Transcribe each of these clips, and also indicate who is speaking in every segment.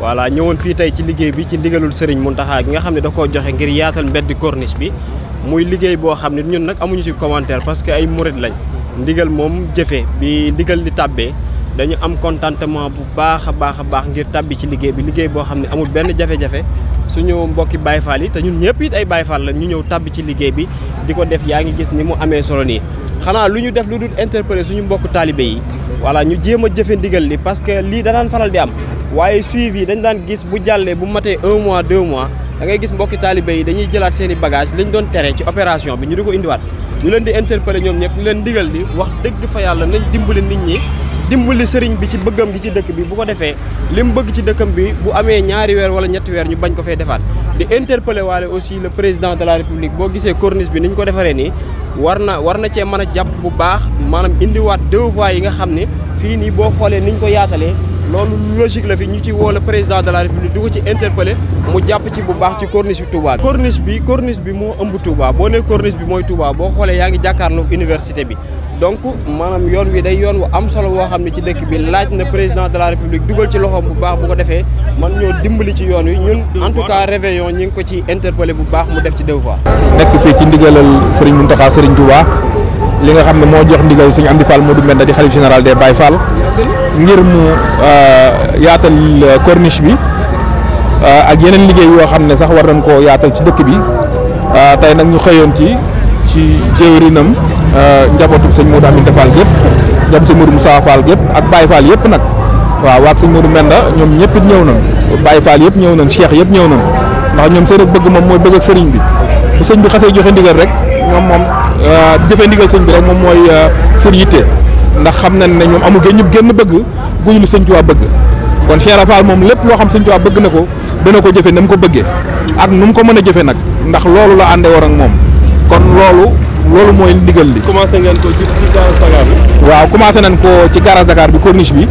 Speaker 1: voilà ñëwoon fii tey ci liggéey bi ci ndigalul mun Mountakha bi nga xam ne da koo joxe ngir yaatal mbedd corniche bi muy liggéey boo xam ne ñun nag amuñu ci commentaire parce que ay murit lañ ndigal moom jëfe bi ndigal li tàbbee dañu am contentement bu baax a baax a baax ngir tàbbi ci liggéey bi liggéey boo xam ne amul benn jafe-jafe suñu mbokki Baye Fall yi te ñun ñëpp it ay Baye Fall ñu ñëw tàbbi ci liggéey bi di ko def yaa ngi gis ni mu amee solo nii xanaa lu ñu def lu dul interpeller suñu mbokk taalibe yi voilà ñu jéem a jëfe li parce que lii danaan faral di am waaye suivi dañ daan gis bu jàllee bu matee un mois deux mois da ngay gis mbokki taalibe dañuy jëlaat seen i bagage lañ doon tere ci opération bi ñu di ko indiwaat ñu leen di interpeller ñoom ñëpp leen digal li wax dëgg fa yàlla nañ dimbali nit ñi dimbali sëriñ bi ci bëggam bi ci dëkk bi bu ko defee li bëgg ci dëkkam bi bu amee ñaari weer wala ñetti weer ñu bañ ko fee defaat di interpeller waale aussi le président de la république boo gisee bi ni ko defaree nii war na war na cee mën a jàpp bu baax maanaam indiwaat deux voies yi nga xam ne fii nii boo xoolee ni ko yaatalee loolu logique la fi ñu ci woo le président de la république du ko ci interpellé mu jàpp ci bu baax ci corniche bi Touba. corniche bi bi moo ëmb Touba boo nee corniche bi mooy Touba boo xoolee yaa ngi jàkkaarloo université bi donc maanaam yoon wi day yoon am solo woo xam ne ci dëkk bi laaj na président de la république dugal ci loxoom bu baax bu ko defee man ñoo dimbali ci yoon wi ñun en tout cas réveillon ñi ngi ko ci interpellé bu baax mu def ci devoir.
Speaker 2: nekk fii ci ndigalal Serigne Mountakha Serigne Touba li nga xam ne moo jox ndigal Serigne Amdi Fall Modou Mbenda di xalif général des Baye Fall. ngir mu euh, yaatal euh, corniche bi euh, ak yeneen liggéey yoo xam ne sax war nañ koo yaatal ci dëkk bi tey nag ñu xëyoon ci ci jëwrinam njabootu sëñ Modou Aminta defaal gépp njabootu sëñ Modou Moussa Fall gépp ak Baye Fall yëpp nag waaw waa waat sëñ Modou Menda ñoom ñëpp ñëw nañ Baye Fall yëpp ñëw nañ Cheikh yëpp ñëw nañ ndax ñoom seen ak bëgg moom mooy bëgg ak sëriñ bi bu sëñ bi xasee joxe ndigal rek ñoom moom jëfe ndigal sëñ bi rek moom mooy seen yitte ndax xam nañ ne ñoom amul ñu génn bëgg guñu lu sëñ Tuubaa bëgg kon Cheikh Rafal moom lépp loo xam sëñ Tuubaa bëgg na ko dana ko jëfe na mu ko bëggee ak nu mu ko mën a jëfe nag ndax loolu la àndee war ak moom kon loolu loolu mooy ndigal li. commencé ngeen ko ci waaw commencé nañ ko ci garage Dakar bi corniche bi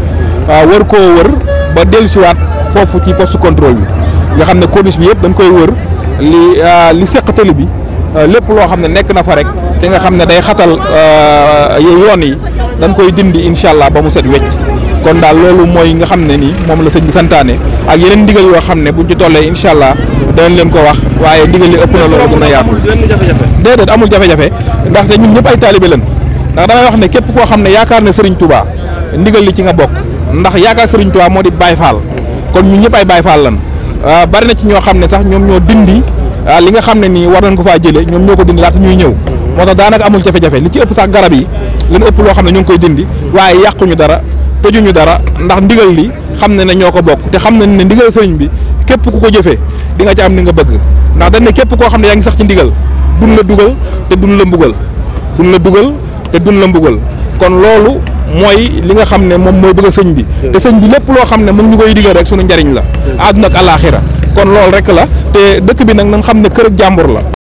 Speaker 2: wër koo wër ba dellusiwaat foofu ci poste contrôle bi nga xam ne corniche bi yëpp dañ koy wër li euh, li seq bi euh, lépp loo xam ne nekk na fa rek te nga xam ne day xatal euh, yoon yi. dañ koy dindi incha allah ba mu set wecc kon daal loolu mooy nga xam ne nii moom la sëñ bi santaane ak yeneen ndigal yoo xam ne buñ ci tollee incha allah danañ leen ko wax waaye ndigal li ëpp na loolu gën a amul jafe-jafe ndaxte ñun ñëpp ay taalibe lañ ndax damay wax ne képp koo xam ne yaakaar na Serigne Touba ndigal li ci nga bokk ndax yaakaar Serigne Touba moo di Baye Fall kon ñun ñëpp ay Baye faal lan euh, bari na ci ñoo xam ne sax ñoom ñoo dindi euh, li nga xam ne nii war na ko faa jëlee ñoom ñoo ko dindi laata ñuy ñëw moo tax daanaka amul jafe-jafe li ci ëpp sax garab yi li ëpp loo xam ne ñu ngi koy dindi waaye yàquñu dara ñu dara ndax ndigal li xam ne ne ñoo ko bokk te xam ne ne ndigal sëriñ bi képp ku ko jëfee di nga ci am ni nga bëgg ndax dañ képp koo xam ne yaa ngi sax ci ndigal dun la dugal te dun la mbugal dun la dugal dun la mbugal kon loolu mooy li nga xam ne moom mooy bëgg a sëñ bi te sëñ bi lépp loo xam ne mu ngi ñu koy digal rek sunu njariñ la àdduna ak alaaxira kon loolu rek la te dëkk bi nag nañ xam ne kër jàmbur la